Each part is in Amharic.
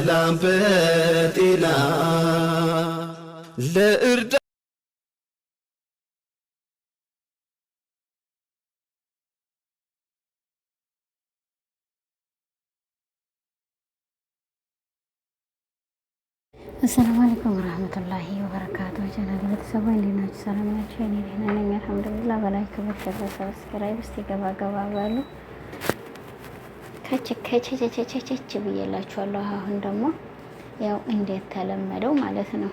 በሰላም በጤና ለእርዳ አሰላሙ አለይኩም ወራህመቱላሂ ወበረካቱ። ቻናል ቤተሰቦች እንዴት ናችሁ? ሰላም ናችሁ? እኔ ደህና ነኝ አልሐምዱሊላህ። በላይ ክብር ከዛ ሰብስክራይብ ገባ ገባ ባሉ ከችከችችችች ብዬላችኋለሁ። አሁን ደግሞ ያው እንዴት ተለመደው ማለት ነው።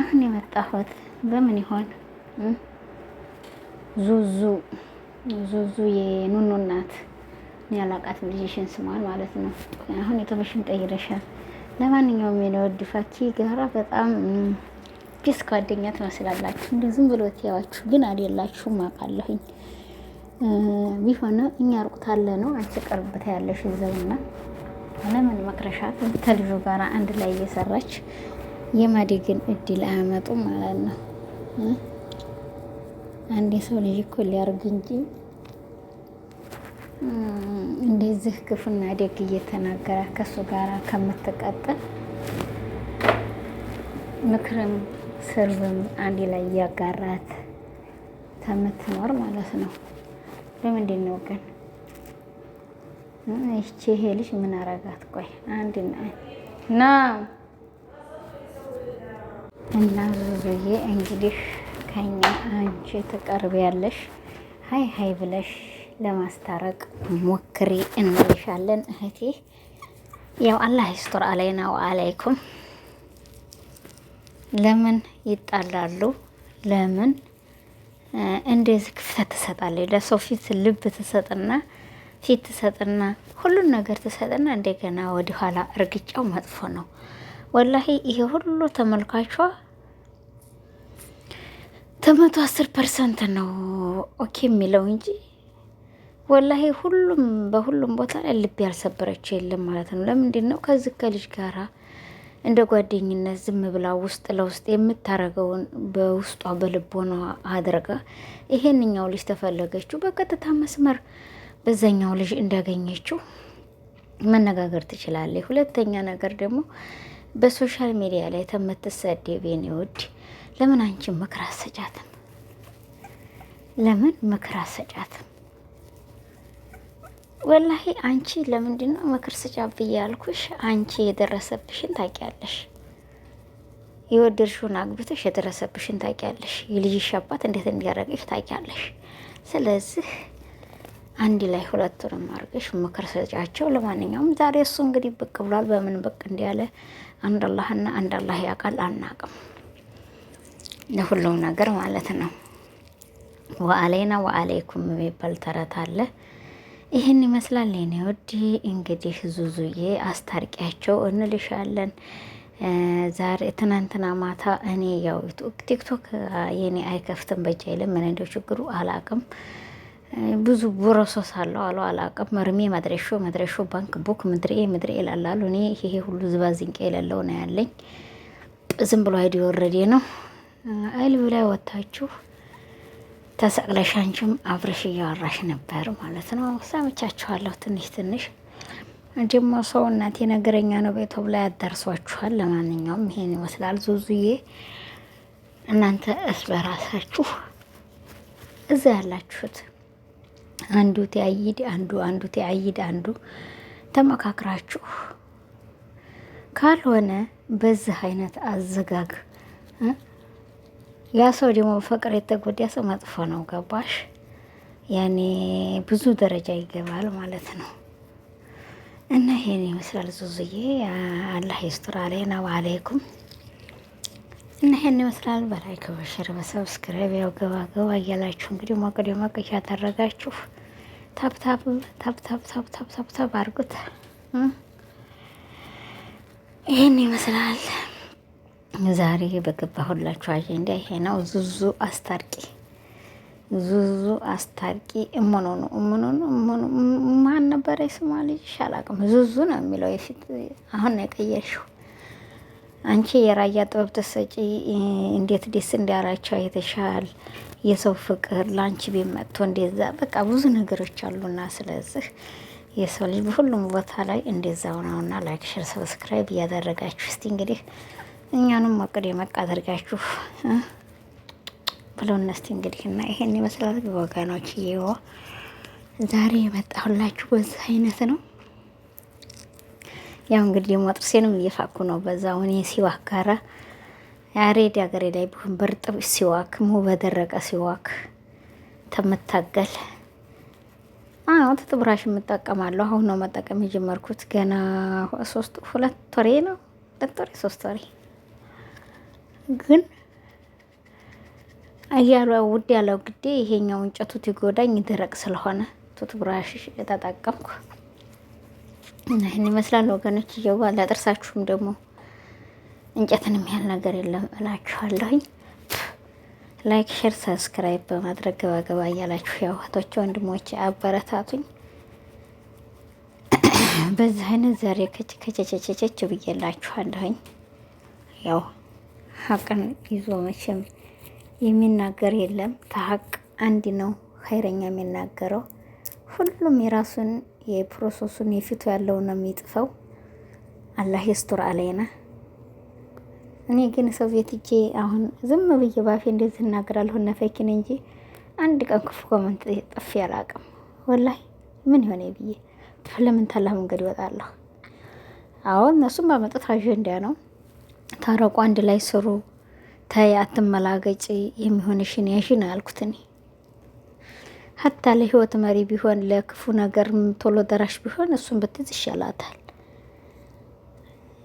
አሁን የመጣሁት በምን ይሆን ዙዙ ዙዙ የኑኑ እናት ያላቃት ልጅሽን ስሟን ማለት ነው። አሁን የተመሽን ቀይረሻል። ለማንኛውም የነወድ ፋኪ ጋራ በጣም ፒስ ጓደኛ ትመስላላችሁ። እንደ ዝም ብሎ ትያዋችሁ ግን አይደላችሁም አውቃለሁኝ። ቢሆንም እኛ ሩቅ ነው አንቺ ቀርብታ ያለሽ እዛውና ለምን መክረሻት ከልጁ ጋር አንድ ላይ እየሰራች የማደግን እድል አያመጡ ማለት ነው። አንድ ሰው ልጅ እኮ ሊያርግ እንጂ እንደዚህ ክፉና ደግ እየተናገረ ከእሱ ጋር ከምትቀጥል ምክርም ስርብም አንድ ላይ እያጋራት ከምትኖር ማለት ነው። ለምንድን ነው ግን ይቺ ይሄ ልጅ ምን አረጋት? ቆይ አንድ እና እና ዙዙዬ እንግዲህ ከኛ አንቺ ያለሽ ሀይ ሀይ ብለሽ ለማስታረቅ ሞክሪ እንልሻለን እህቴ። ያው አላህ ይስጥር አለይና ወአለይኩም። ለምን ይጣላሉ? ለምን እንደዚህ ክፍተት ትሰጣለች። ለሰው ፊት ልብ ትሰጥና ፊት ትሰጥና ሁሉን ነገር ትሰጥና እንደገና ወደኋላ እርግጫው መጥፎ ነው። ወላሂ ይሄ ሁሉ ተመልካቿ ተመቶ አስር ፐርሰንት ነው ኦኬ የሚለው እንጂ ወላሂ ሁሉም በሁሉም ቦታ ላይ ልብ ያልሰበረችው የለም ማለት ነው። ለምንድን ነው ከዚህ ከልጅ ጋራ እንደ ጓደኝነት ዝም ብላ ውስጥ ለውስጥ የምታረገውን በውስጧ በልቦና አድርጋ ይሄንኛው ልጅ ተፈለገችው በቀጥታ መስመር በዛኛው ልጅ እንዳገኘችው መነጋገር ትችላለች። ሁለተኛ ነገር ደግሞ በሶሻል ሚዲያ ላይ ተመትሰደብ የኔ ውድ ለምን አንቺ ምክር አሰጫትም? ለምን ምክር አሰጫትም? ወላሂ አንቺ ለምንድን ነው ምክር ስጫብ ያልኩሽ? አንቺ የደረሰብሽን ታውቂያለሽ። የወደድሽውን አግብተሽ የደረሰብሽን ታውቂያለሽ። የልጅሽ አባት እንዴት እንዲያደርግሽ ታውቂያለሽ። ስለዚህ አንድ ላይ ሁለቱንም አድርገሽ ምክር ስጫቸው። ለማንኛውም ዛሬ እሱ እንግዲህ ብቅ ብሏል። በምን ብቅ እንዲያለ አንድ አላህና አንድ አላህ ያውቃል። አናቅም ለሁሉም ነገር ማለት ነው። ወአሌና ወአሌይኩም የሚባል ተረት አለ። ይህን ይመስላል ኔ ውድ። እንግዲህ ዙዙዬ አስታርቂያቸው እንልሻለን። ዛሬ ትናንትና ማታ እኔ ያው ቲክቶክ የኔ አይከፍትም በጃ አይልም። ምን እንደው ችግሩ አላቅም። ብዙ ቡረሶስ አለው አለ አላቅም። መርሜ መድረሾ መድረሾ ባንክ ቡክ ምድሬ ምድሬ ይላላሉ። እኔ ይሄ ሁሉ ዝባዝንቄ የሌለው ነው ያለኝ። ዝም ብሎ አይዲ ወረዴ ነው አይል ብላይ ወታችሁ ተሰቅለሽ አንቺም አብረሽ እያወራሽ ነበር ማለት ነው። ሰምቻችኋለሁ ትንሽ ትንሽ ጅሞ ሰው እናቴ ነገረኛ ነው ቤቶብ ላይ ያዳርሷችኋል። ለማንኛውም ይሄን ይመስላል ዙዙዬ። እናንተ እስ በራሳችሁ እዛ ያላችሁት አንዱ ቲያይድ አንዱ አንዱ ቲያይድ አንዱ ተመካክራችሁ ካልሆነ በዚህ አይነት አዘጋግ ያ ሰው ደግሞ ፍቅር የተጎዳ ሰው መጥፎ ነው። ገባሽ? ያኔ ብዙ ደረጃ ይገባል ማለት ነው። እና ይሄን ይመስላል ዙዙዬ። አላህ ይስጥር። አለይና ወአለይኩም እና ይሄን ይመስላል። በላይክ በሸር በሰብስክራይብ ያው ገባ ገባ እያላችሁ እንግዲህ ሞቅ ደሞቅ እያደረጋችሁ ታብታብ ታብታብ ታብታብ ታብታብ አድርጉት። ይሄን ይመስላል። ዛሬ በገባሁላችሁ አጀንዳ ይሄ ነው። ዙዙ አስታርቂ፣ ዙዙ አስታርቂ። እምኑ ነው እምኑ ነው እምኑ ማን ነበረ የስሟ ልጅ አላውቅም። ዙዙ ነው የሚለው የፊት አሁን ነው የቀየርሽው አንቺ። የራያ ጥበብ ተሰጪ እንዴት ደስ እንዲያላቸው አይተሻል። የሰው ፍቅር ለአንቺ ቤት መጥቶ እንደዛ በቃ ብዙ ነገሮች አሉና ስለዚህ የሰው ልጅ በሁሉም ቦታ ላይ እንደዛው ነውና ላይክ፣ ሸር፣ ሰብስክራይብ እያደረጋችሁ እስቲ እንግዲህ እኛንም ሞቅድ የመቃ አድርጋችሁ ብሎ እነስቲ እንግዲህ እና ይሄን ይመስላል ወገኖች። ይኸው ዛሬ የመጣሁላችሁ በዛ አይነት ነው። ያው እንግዲህ ደግሞ ጥርሴንም እየፋኩ ነው። በዛ ሁኔ ሲዋክ ጋራ ያሬድ ሀገሬ ላይ ብሆን በርጥብ ሲዋክ ሙ በደረቀ ሲዋክ ተምታገል አዎ ትጥብራሽ የምጠቀማለሁ። አሁን ነው መጠቀም የጀመርኩት ገና ሶስት ሁለት ወሬ ነው ሁለት ወሬ ሶስት ወሬ ግን እያሉ ውድ ያለው ግዴ ይሄኛው እንጨቱ ትጎዳኝ ደረቅ ስለሆነ ቱት ብራሽ የተጠቀምኩ ይህን ይመስላል ወገኖች። እየዋ ለጥርሳችሁም ደግሞ እንጨትን የሚያህል ነገር የለም እላችኋለሁኝ። ላይክ፣ ሼር፣ ሰብስክራይብ በማድረግ ገባገባ እያላችሁ ያው እህቶቼ ወንድሞቼ አበረታቱኝ። በዚህ አይነት ዛሬ ከቸቸቸቸች ብዬላችኋለሁኝ ያው ሀቅን ይዞ መቼም የሚናገር የለም። ከሀቅ አንድ ነው ሀይረኛ የሚናገረው። ሁሉም የራሱን የፕሮሰሱን የፊቱ ያለው ነው የሚጥፈው። አላህ የስቱር አለይና። እኔ ግን ሰው ቤት እጄ አሁን ዝም ብዬ ባፌ እንደዚህ እናገራለሁ ነፈኪን እንጂ አንድ ቀን ክፉ ኮመንት ጠፊ አላቅም። ወላሂ ምን ይሆነ ብዬ ለምን ታላህ መንገድ ይወጣለሁ። አዎ እነሱም ባመጡት አጀንዳ ነው ታረቁ፣ አንድ ላይ ስሩ፣ ተይ አትመላገጭ፣ የሚሆንሽን ያሽን አልኩት እኔ ሀታ ለህይወት መሪ ቢሆን ለክፉ ነገር ቶሎ ደራሽ ቢሆን እሱን ብትዝ ይሻላታል።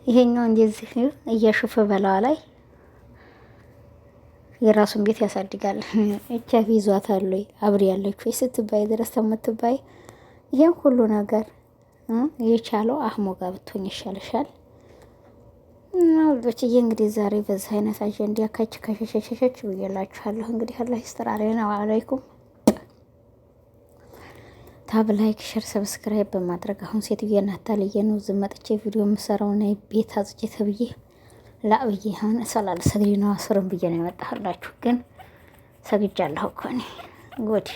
ይሄኛው እንደዚህ እያሾፈ በላዋ ላይ የራሱን ቤት ያሳድጋል። ኤችአይቪ ይዟታል ወይ አብሬ ያለች ወይ ስትባይ ድረስ ተምትባይ ይህም ሁሉ ነገር የቻለው አህሞ ጋር ብትሆኝ ይሻልሻል። እና ውዶችዬ እንግዲህ ዛሬ በዚህ አይነት አጀንዳ ከች ከሸሸሸሸች ብዬላችኋለሁ። እንግዲህ አላህ ይስጥር። ነው አለይኩም። ታብ ላይክ፣ ሸር፣ ሰብስክራይብ በማድረግ አሁን ሴትዬ ናታልዬ ነው ዝመጥቼ ቪዲዮ የምሰራው ናይ ቤት አጽቼ ተብዬ ላብዬ አሁን እሰላል ሰግጅ ነው አስርም ብዬ ነው የመጣሁላችሁ፣ ግን ሰግጃለሁ እኮ እኔ ጎድ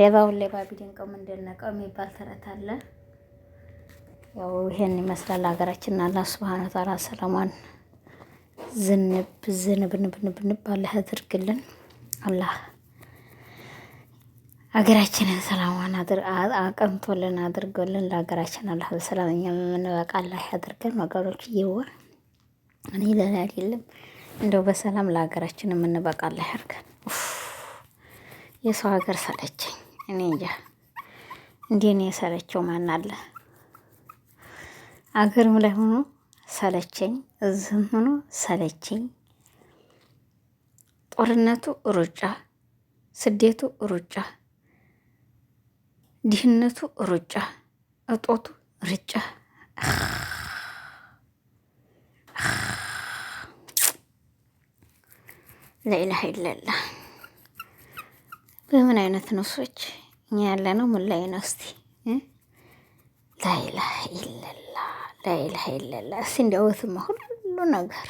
ሌባውን ሌባ ቢደንቀው ምንድነቀው የሚባል ተረት አለ። ያው ይሄን ይመስላል ሀገራችን። አላህ ሱብሃነ ወተዓላ ሰላሟን ዝንብ ዝንብ ንብ ንብ ንብ አላህ ያድርግልን። አላህ ሀገራችንን ሰላሟን አቀንቶልን አድርጎልን ለሀገራችን አላህ በሰላም እኛ የምንበቃ አላህ ያድርገን። ወገኖች እየዋ እኔ ለላ አይደለም እንደው በሰላም ለሀገራችን የምንበቃ አላህ ያድርገን። የሰው ሀገር ሰለቸኝ። እኔ እንጃ እንዴ ነው የሰለቸው ማን አለ? አገርም ላይ ሆኖ ሰለቸኝ፣ እዚህም ሆኖ ሰለቸኝ። ጦርነቱ ሩጫ፣ ስደቱ ሩጫ፣ ድህነቱ ሩጫ፣ እጦቱ ሩጫ። ላኢላሀ ኢለላህ። በምን አይነት ነፍሶች እኛ ያለ ነው? ምን ላይ ነው? እስቲ ላኢላሀ ኢለላህ ላይልህ የለላ እስ እንዲያውትም ሁሉ ነገር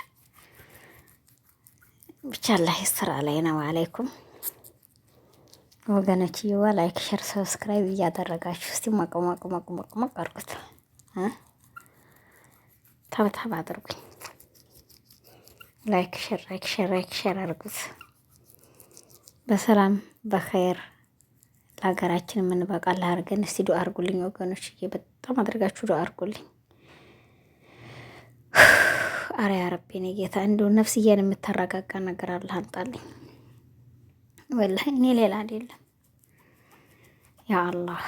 ብቻ ላይ ስራ ላይ ነው። አለይኩም ወገኖችዬዋ፣ ላይክ ሸር፣ ሰብስክራይብ እያደረጋችሁ እስቲ ማቀማቀማቀማቀማቅ አድርጉት፣ ታብታብ አድርጉኝ። ላይክ ሸር፣ ላይክ ሸር፣ ላይክ ሸር አድርጉት። በሰላም በኸይር ለሀገራችን የምንበቃ ላርገን እስቲ አርጉልኝ ወገኖች ወገኖችዬ፣ በጣም አድርጋችሁ ዱአ አርጉልኝ። አረ ያረቤ ነው ጌታ፣ እንዲሁ ነፍስዬን የምታረጋጋ ነገር አለ አምጣልኝ። ወላሂ እኔ ሌላ አይደለም። ያ አላህ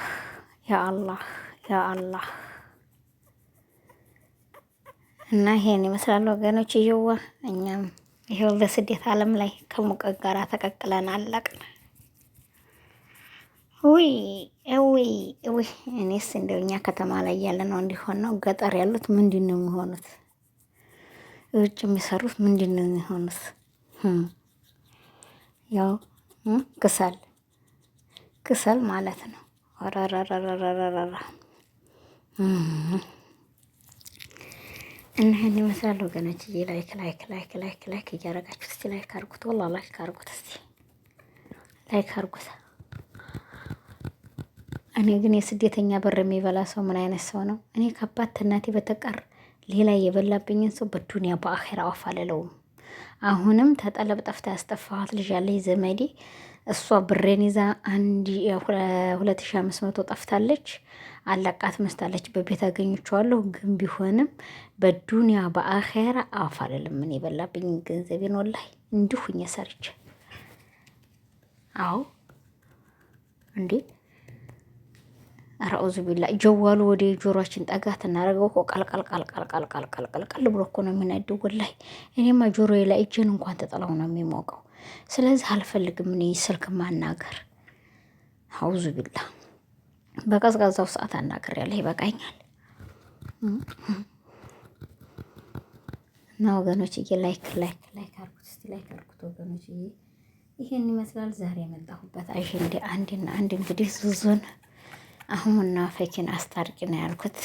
ያ አላህ ያ አላህ። እና ይሄን ይመስላል ወገኖች፣ እየዋ እኛም ይሄው በስደት ዓለም ላይ ከሙቀት ጋር ተቀቅለን አለቅን። ውይ ውይ ውይ! እኔስ እንደው እኛ ከተማ ላይ ያለ ነው እንዲሆን ነው፣ ገጠር ያሉት ምንድን ነው የሚሆኑት? ውጭ የሚሰሩት ምንድን ነው የሚሆኑት? Hm ያው hm ክሰል ክሰል ማለት ነው። ራራራራራራራ hm እና ይህን ይመስላል ወገኖች። እ ላይክ ላይክ ላይክ ላይክ ላይክ እያደረጋችሁ እስቲ ላይክ አርጉት፣ ወላ ላይክ አርጉት፣ እስቲ ላይክ አርጉት። እኔ ግን የስደተኛ ብር የሚበላ ሰው ምን አይነት ሰው ነው? እኔ ከአባት እናቴ በተቀር ሌላ የበላብኝን ሰው በዱኒያ በአኼራ አፍ አልለውም። አሁንም ተጠለብ ጠፍታ ያስጠፋኋት ልጅ ያለች ዘመዴ እሷ ብሬን ይዛ አንድ ሁለት ሺ አምስት መቶ ጠፍታለች። አላቃት መስታለች። በቤት አገኘችዋለሁ ግን ቢሆንም በዱኒያ በአኼራ አፍ አልልም። ምን የበላብኝ ገንዘብ ወላሂ እንዲሁኝ ሰርች አዎ እንዴ ረአዙ ቢላ ጀዋሉ ወደ ጆሮችን ጠጋት እናደርገው እኮ ቀልቀልቀልቀልቀልቀልቀል ብሎ እኮ ነው የሚነደው። ወላሂ እኔማ ጆሮዬ ላይ እጄን እንኳን ተጥለው ነው የሚሞቀው። ስለዚህ አልፈልግም እኔ ስልክ ማናገር። አውዙ ቢላ በቀዝቃዛው ሰዓት አናገር ያለ ይበቃኛል። እና ወገኖችዬ ላይክ ላይክ ላይክ አርጉት፣ እስቲ ላይክ አርጉት ወገኖችዬ። ይሄን ይመስላል ዛሬ የመጣሁበት አጀንዳ አንድና አንድ እንግዲህ ዙዙን አህሙና ፈኪን አስታርቂ ነው ያልኩት፣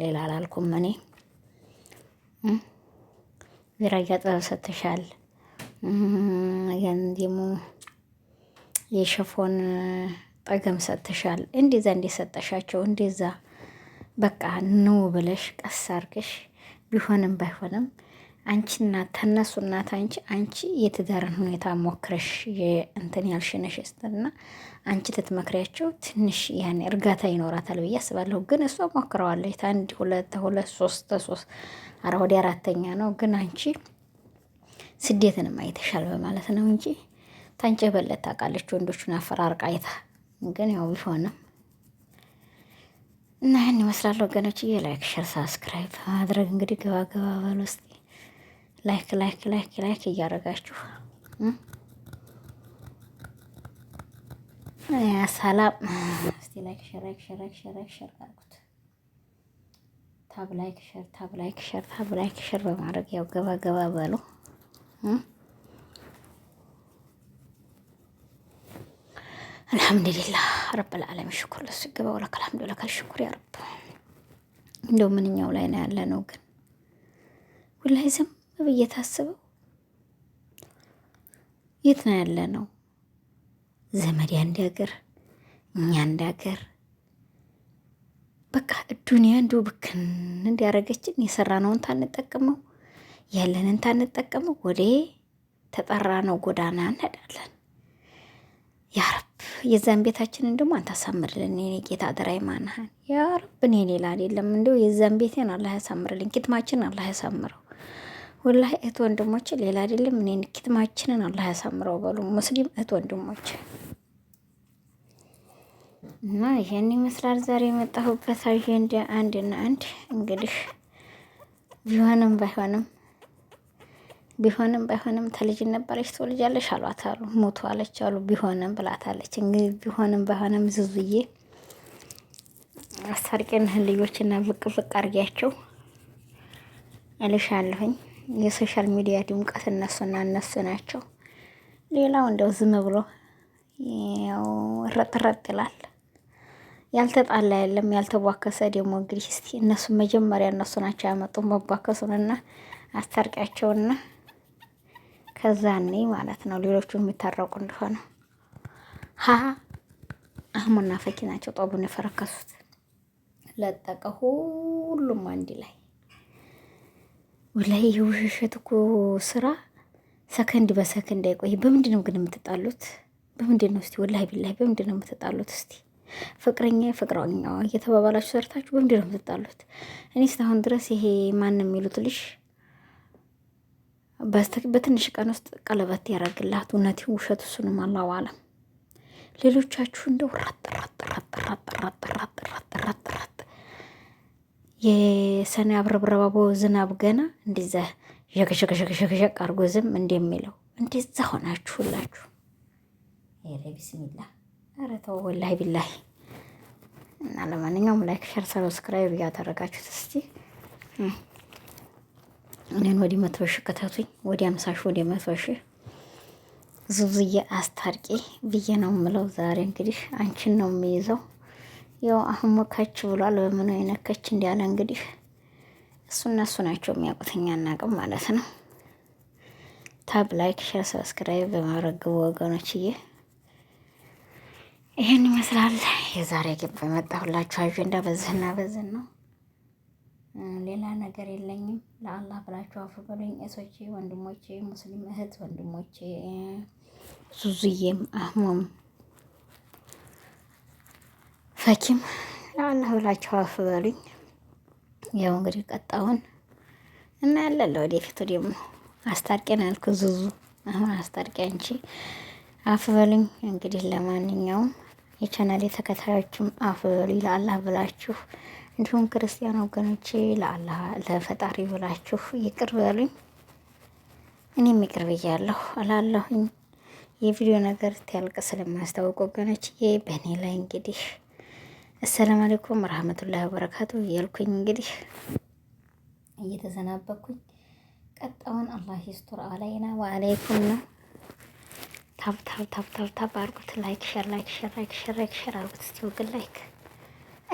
ሌላ አላልኩም። እኔ ዝራያ ጥበብ ሰጥተሻል። ያን የሸፎን ጠገም ሰጥተሻል። እንዴዛ እንደ ሰጠሻቸው እንደዛ በቃ ንው ብለሽ ቀስ አርገሽ ቢሆንም ባይሆንም አንቺ እናት ተነሱ እናት አንቺ አንቺ የትዳርን ሁኔታ ሞክረሽ እንትን ያልሽነሽ ስትልና አንቺ ትትመክሪያቸው ትንሽ ያኔ እርጋታ ይኖራታል ብዬ አስባለሁ። ግን እሷ ሞክረዋለች አንድ ሁለት ሁለት ሶስት ሶስት አረ ወዲ አራተኛ ነው። ግን አንቺ ስደትንም አይተሻል በማለት ነው እንጂ ታንጨ በለት ታውቃለች። ወንዶቹን አፈራርቃ አይታ ግን ያው ቢሆንም እና ይህን ይመስላል ወገኖች። የላይክ ሸር ሳብስክራይብ በማድረግ እንግዲህ ገባ ገባ በል ውስጥ ላይክ ላይክ ላይክ ላይክ እያደረጋችሁ ሰላም እስቲ ላይክ ሸር ላይክ ሸር ላይክ ሸር ላይክ ሸር አድርጉት። ታብ ላይክ ሸር ታብ ላይክ ሸር ታብ ላይክ ሸር በማድረግ ያው ገባ ገባ በሉ። አልሐምዱሊላህ ረብል ዓለሚን ሽኩር ለሱ ይገባው ለከ አልሐምዱ ለከ ሽኩር ያ ረብ። እንደው ምንኛው ላይ ነው ያለ ነው ግን ወላሂ ዝም ብዬ ታስበው የት ነው ያለ ነው ዘመድ አንድ ሀገር እኛ አንድ ሀገር በቃ ዱኒያ እንዲሁ ብክን እንዲያደረገችን የሰራ የሰራነውን ታንጠቀመው ያለንን ታንጠቀመው ወደ ነው ጎዳና እንሄዳለን። ያረብ የዛን ቤታችንን ደግሞ አንተ አሳምርልን የኔ ጌታ ደራይ ይማናህን ያረብ እኔ ሌላ የለም እንዲሁ የዛን ቤቴን አላህ ያሳምርልኝ፣ ኪትማችን አላህ ያሳምረው። ወላሂ እህት ወንድሞች ሌላ አይደለም። እኔን ኪትማችንን አላህ ያሳምረው በሉ ሙስሊም እህት ወንድሞች እና ይሄን ይመስላል ዛሬ የመጣሁበት አጀንዳ አንድና አንድ እንግዲህ ቢሆንም ባይሆንም ቢሆንም ባይሆንም ተልጅ ነበረች ትወልጃለሽ አሏት አሉ ሞቱ አለች አሉ ቢሆንም ብላታለች። እንግዲህ ቢሆንም ባይሆንም ዝዙዬ አስታርቄን ልጆችና ብቅ ብቅ አርጊያቸው እልሻለሁኝ። የሶሻል ሚዲያ ድምቀት እነሱና እነሱ ናቸው። ሌላው እንደው ዝም ብሎ ያው ረጥ ረጥ ይላል። ያልተጣላ የለም ያልተቧከሰ ደግሞ እንግዲህ እስቲ እነሱ መጀመሪያ እነሱ ናቸው ያመጡ መቧከሱንና አስታርቂያቸውና ከዛኔ ማለት ነው ሌሎቹ የሚታረቁ እንደሆነ ሀ አህሙና ፈኪ ናቸው ጦቡን የፈረከሱት ለጠቀ ሁሉም አንድ ላይ ወላሂ የውሸሸት እኮ ስራ ሰከንድ በሰከንድ አይቆይ። በምንድን ነው ግን የምትጣሉት? በምንድን ነው እስቲ ወላሂ ቢላሂ በምንድን ነው የምትጣሉት? እስቲ ፍቅረኛ ፍቅረኛ እየተባባላችሁ ሰርታችሁ በምንድን ነው የምትጣሉት? እኔ እስካሁን ድረስ ይሄ ማንም የሚሉት ልጅ በትንሽ ቀን ውስጥ ቀለበት ያደረግላት እውነት ውሸት፣ እሱንም አላሁ ሌሎቻችሁ እንደው ራጥ ራጥ ራጥ ራጥ ራጥ ራጥ ራጥ ራጥ የሰኔ አብረብረባቦ ዝናብ ገና እንዲዛ ሸቅሸቅሸቅሸቅ አርጎ ዝም እንደሚለው እንደዛ ሆናችሁ ሁላችሁ ቢስሚላ ኧረ ተው ወላሂ ቢላሂ። እና ለማንኛውም ላይክ፣ ሸር፣ ሰብስክራይብ እያደረጋችሁት እስቲ እኔን ወደ መቶ ሺህ ክተቱኝ፣ ወደ አምሳ ሺህ ወደ መቶ ሺህ ዙዙዬ አስታርቂ ብዬ ነው የምለው። ዛሬ እንግዲህ አንቺን ነው የሚይዘው። ያው አሁን ከች ብሏል። በምነው የነከች እንዲያለ እንግዲህ እሱ እነሱ ናቸው የሚያውቁት፣ እኛ አናውቅም ማለት ነው። ታብ ላይክ፣ ሸር፣ ሰብስክራይብ በማረግቡ ወገኖችዬ። ይህን ይመስላል የዛሬ ግብ በመጣሁላችሁ አጀንዳ በዝህና በዝህ ነው። ሌላ ነገር የለኝም። ለአላህ ብላችሁ አፉ በሉኝ። ወንድሞች ወንድሞቼ፣ ሙስሊም እህት ወንድሞቼ፣ ዙዙዬም፣ አህሞም፣ ፈኪም ለአላህ ብላችሁ አፉ በሉኝ። ያው እንግዲህ ቀጣውን እና እናያለን። ለወደፊቱ ደግሞ አስታርቂን አልኩ ዙዙ፣ አሁን አስታርቂ አንቺ አፍ እንግዲህ ለማንኛውም የቻናል ተከታዮችም አፍ በሉኝ ለአላህ ብላችሁ እንዲሁም ክርስቲያን ወገኖቼ ለአላህ ለፈጣሪ ብላችሁ ይቅር በሉኝ። እኔም ይቅር ብያለሁ እላለሁኝ። የቪዲዮ ነገር ትያልቅ ስለማያስታውቅ ወገኖች በእኔ ላይ እንግዲህ አሰላም አለይኩም ረህመቱላህ ወበረካቱ እያልኩኝ እንግዲህ እየተዘናበኩኝ ቀጣውን አላህ ይስቱር አለይና ወአለይኩም ነው። ታብ ታብ ታብ ታብ ታብ አርጉት። ላይክ ሸር ላይክ ሸር ላይክ ሸር ላይክ ሸር አርጉት። እስቲ ወግ ላይክ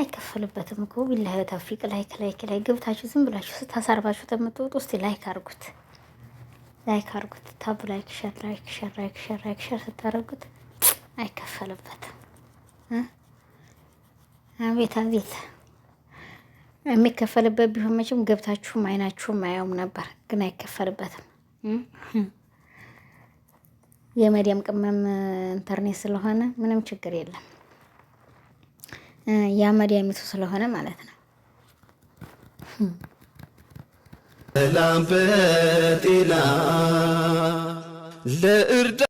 አይከፈልበትም እኮ ቢላሂ ተውፊቅ ላይክ ላይክ ላይ ገብታችሁ ዝም ብላችሁ ስታሳርባችሁ ተምትወጡ እስቲ ላይክ አርጉት። ላይክ አርጉት። ታብ ላይክ ሸር ላይክ ሸር ላይክ ሸር ላይክ ሸር ስታረጉት አይከፈልበትም። አቤት አቤት የሚከፈልበት ቢሆን መቼም ገብታችሁም አይናችሁም አያውም ነበር፣ ግን አይከፈልበትም። የመዲያም ቅመም ኢንተርኔት ስለሆነ ምንም ችግር የለም። ያ መዲያሚቱ ስለሆነ ማለት ነው። ሰላም በጤና ለእርዳ